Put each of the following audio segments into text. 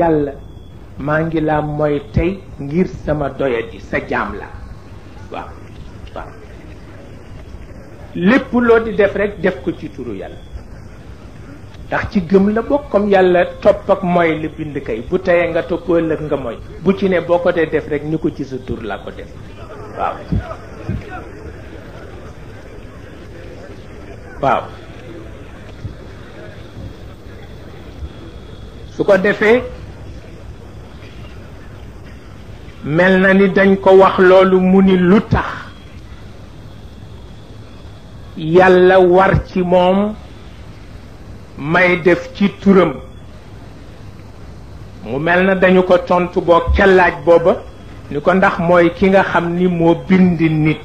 yàlla maa ngi laa mooy tey ngir sama doyadi sa jaam la waaw waaw lépp loo di def rek def ko ci turu yàlla ndax ci gëm la bokk comme yàlla topp ak mooy la bind kay bu teyee nga topp ëllëg nga mooy bu ci ne boo ko dee def rek ni ko ci sa tur laa ko def waaw waaw su ko defee mel na ni dañ ko wax loolu mu ni lu tax yàlla war ci moom may def ci turam mu mel na dañu ko tontu boo kellaaj booba ni ko ndax mooy ki nga xam ni moo bind nit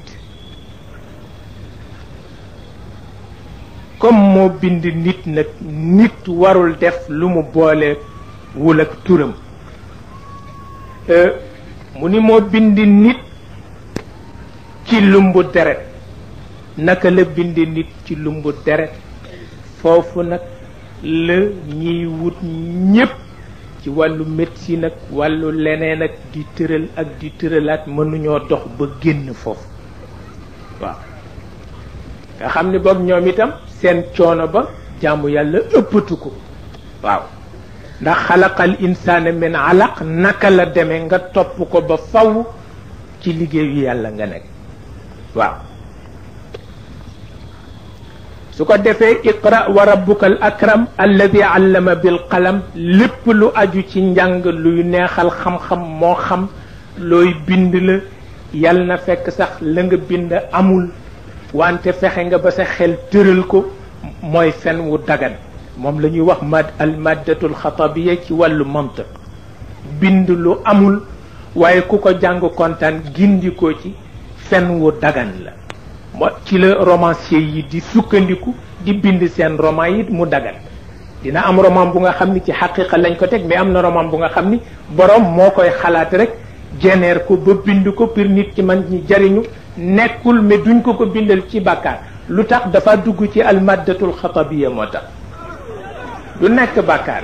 comme moo bind nit nag nit warul def lu mu boole wul ak turam euh, mu ni moo bind nit ci lumbu deret naka la bind nit ci lumbu deret foofu nag la ñiy wut ñépp ci wàllu médecine ak wàllu leneen ak di tëral ak di tëralaat mënuñoo dox ba génn foofu waaw nga xam ni boog ñoom itam seen coono ba jaamu yàlla ëppatu ko waaw ndax xalaqal insana min alaq naka la demee nga top ko ba faw ci liggéeyu yàlla nga nek waaw su ko defee iqra wa rabbukal akram alladhi allama bil qalam lépp lu aju ci njàng luy neexal xam-xam mo xam loy bind la yàlla na fekk sax la nga bind amul wante fexe nga ba sa xel tëral ko mooy fen wu dagan moom la ñuy wax mad al maddatul xatabiya ci wàllu mantiq bind lu amul waaye ku ko jàng kontaan gindikoo ci fen wu dagan la mo ci la romancier yi di sukkandiku di bind seen roman yi mu dagan dina am roman bu nga xam ni ci xaqiqa lañ ko teg mais am na roman bu nga xam ni borom moo koy xalaat rek jeneer ko ba bind ko pour nit ci man ñi jariñu nekkul mais duñ ko ko bindal ci bàkkaar lu tax dafa dugg ci almaddatul xatabiya moo tax du nekk bàkkaar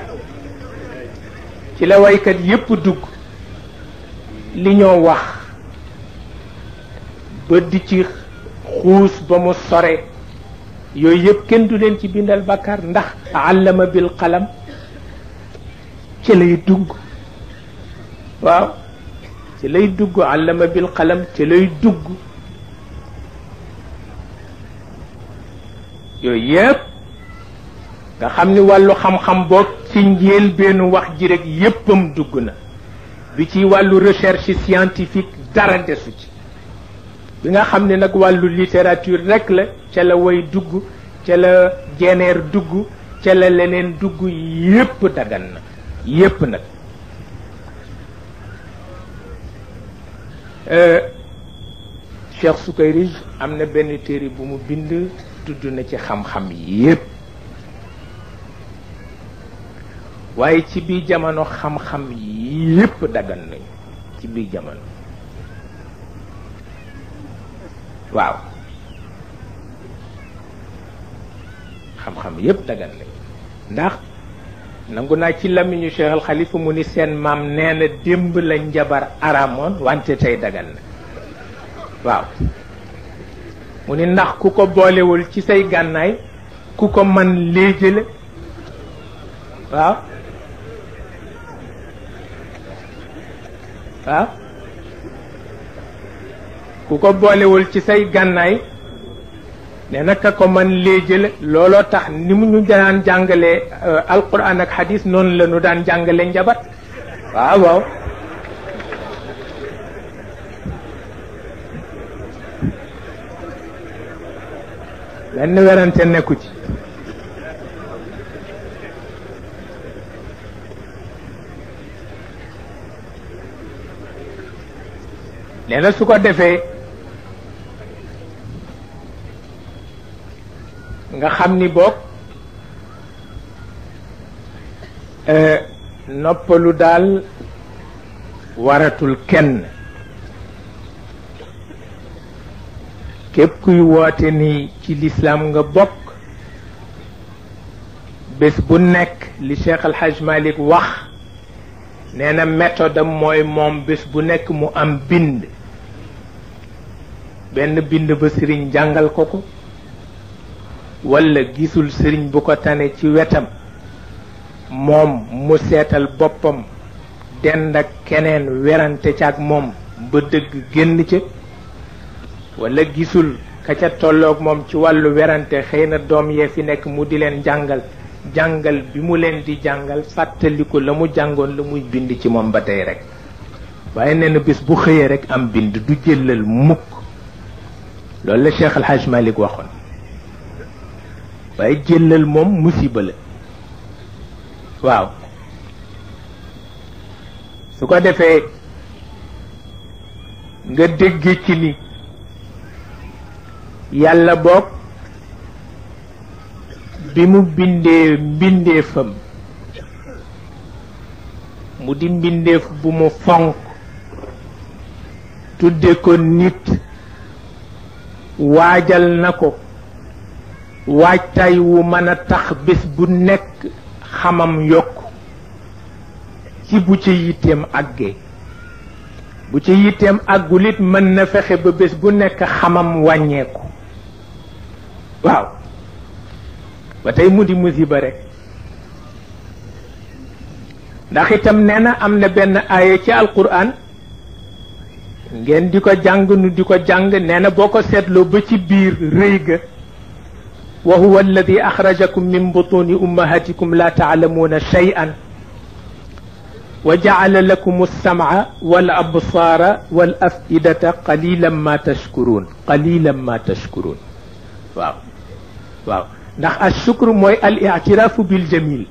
ci la waykat yépp dugg li ñoo wax ba di ci xuus ba mu sore yooyu yépp kenn du leen ci bindal bàkkaar ndax àllama bil qalam ci lay dugg waaw ci lay dugg àllama bil qalam ci lay dugg yooyu yépp nga xam ni wàllu xam-xam boog ci njëlbeenu wax ji rek yéppam dugg na bi ci wàllu recherche scientifique dara desu ci bi nga xam ne nag wàllu littérature rek la ca la woy dugg ca la jeneer dugg ca la leneen dugg yépp dagan na yépp nag euh, Cheikh Sukayrij am na benn téere bu mu bind tudd na ci xam-xam yépp waaye ci biir jamono xam-xam yépp daggan nañu ci biir jamono waaw xam-xam yépp daggan nañu ndax nangu naa ci làmmiñu Cheikh Al mu ni seen maam nee na démb la njabar aramoon wante tey daggan na waaw mu ni ndax ku ko boolewul ci say gànnaay ku ko man léegi la waaw waaw ku ko boolewul ci say gànnaay ne naka ko man léejël looloo tax ni mu ñu daan jàngale euh, alquran ak hadis noonu la ñu daan jàngale njabar waaw waaw benn werante nekku ci nee su ko defee nga xam ni boog euh, noppalu daal waratul kenn képp kuy woote ni ci lislaam nga bokk bés bu nekk li Cheikh Al Hadj Malick wax nee na mooy moom bés bu nekk mu am bind benn bind ba sëriñ jàngal ko ko walla gisul sëriñ bu ko tane ci wetam moom mu seetal boppam dend ak keneen werante ca ak moom ba dëgg génn ca walla gisul ka ca tolloog moom ci wàllu werante xëy na doom yee fi nekk mu di leen jàngal jàngal bi mu leen di jàngal fàttaliku la mu jàngoon la muy bind ci moom ba tey rek waaye nee na bés bu xëyee rek am bind du jëlal mukk loolu la cheikh alxaaj malik waxoon waaye jëlal moom musiba la waaw su ko defee nga dégg ci ni yàlla boog bi mu bindee mbindeefam mu di mbindeef bu mu fonk tudde ko nit waajal na ko waajtaay wu mën a tax bés bu nekk xamam yokk ci bu ci yitteem àggee bu ci yitteem àggulit mën na fexe ba bés bu nekk xamam wàññeeku waaw ba tey mu di musiba rek ndax itam nee na am na benn aaya ci alquran ngeen di ko jàng nu di ko jàng nee na boo ko seetloo ba ci biir rëy ga wa huwa alladi axrajakum min butuni ummahatikum la taalamuuna cheyan wa jaala lakum alsamca wal absara wal afidata qalilan ma tashkuruun qalilan ma tashkuruun waaw waaw ndax ashukru mooy al itiraafu bil jamil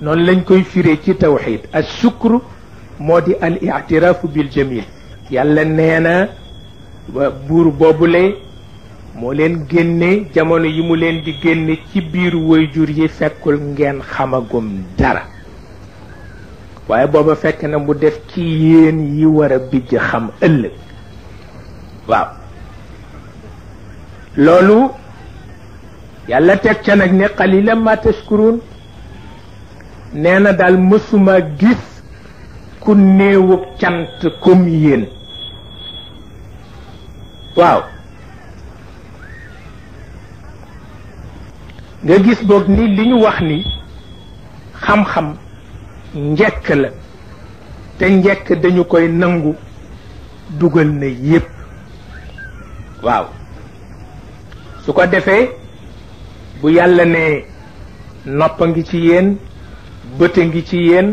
noonu lañ koy firee ci tawxid ashukru moo di al itiraafu bil jamil yàlla nee na buur boobule moo leen génne jamono yi mu leen di génne ci biir waajur yi fekkul ngeen xamagum dara waaye booba fekk na mu def ci yéen yi war a bijj xam ëllëg waaw loolu yàlla teg ca nag ne xalila ma tashkurun na daal mësuma gis ku néewub cant comme yéen waaw nga gis boog ni li ñu wax ni xam-xam njëkk la te njëkk dañu koy nangu dugal na yépp waaw su ko defee bu yàlla ne nopp a ngi ci yéen bët a ngi ci yéen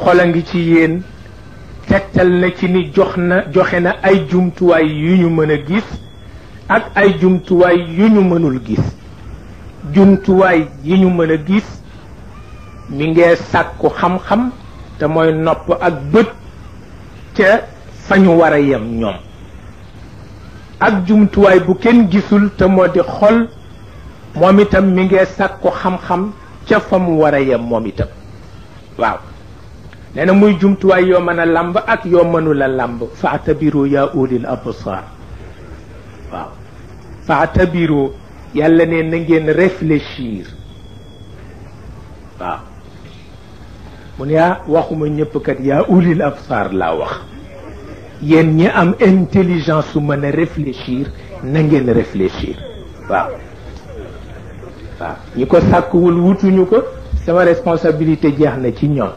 xol a ngi ci yéen tegtal na ci ni jox na joxe na ay jumtuwaay yu ñu mën a gis ak ay jumtuwaay yu ñu mënul gis jumtuwaay yi ñu mën a gis mi ngee sàkku xam-xam te mooy nopp ak bët ca fa ñu war a yem ñoom ak jumtuwaay bu kenn gisul te moo di xol moom itam mi ngee sàkku xam-xam ca fa mu war yem moom itam waaw nee na muy jumtuwaay yoo mën a làmb ak yoo mënula làmb faatabiru yaa ulil absar waaw faatabiru yàlla ne na ngeen réfléchir waaw mun ne waxuma ñëpp kat yaa ulil absar laa wax yéen ñi am intelligence su mëne a réfléchir na ngeen réfléchir waaw waaw ñi ko sàkkuwul wutuñu ko sama responsabilité jeex na ci ñoom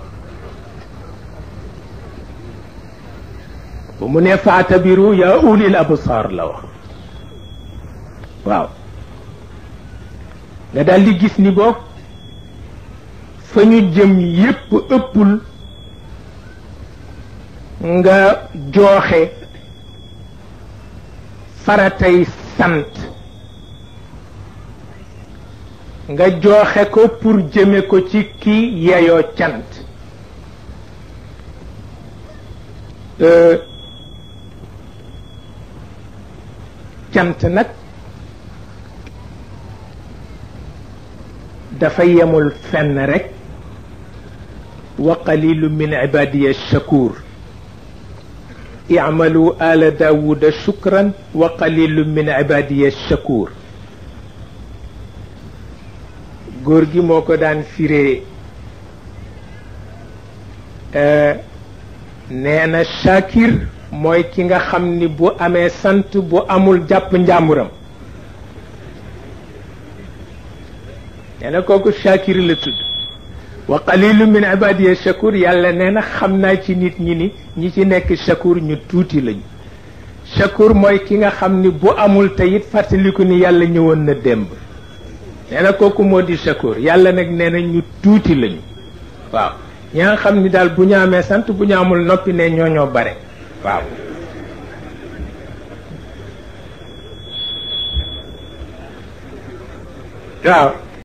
bu mu ne faatabiru yaa ulil absar la wax waaw nga daal gis ni boog fa ñu jëm yépp ëppul nga jooxe faratay sant nga jooxe ko pour jëme ko ci ki yeyoo cant euh, cant nag dafa yemul fenn rek wa qalilu min ibadiya shakur اعملوا آل داود شكرا وقليل من عبادي الشكور غورغي موكو دان فيري آه نانا شاكر mooy ki nga xam ni bu amee sant bu amul jàpp njàmburam nee na kooku Shakir la tudd wa qalilu min ibadiya shakur yàlla nee na xam naa ci nit ñi ni ñi ci nekk shakur ñu tuuti lañu shakur mooy ki nga xam ni bu amul te it fàttaliku ni yàlla ñëwoon na démb nee kooku moo di shakur yàlla nag nee na ñu tuuti lañu waaw ñi nga xam ni daal bu ñu amee sant bu ñu amul noppi ne ñoo ñoo bare waaw waaw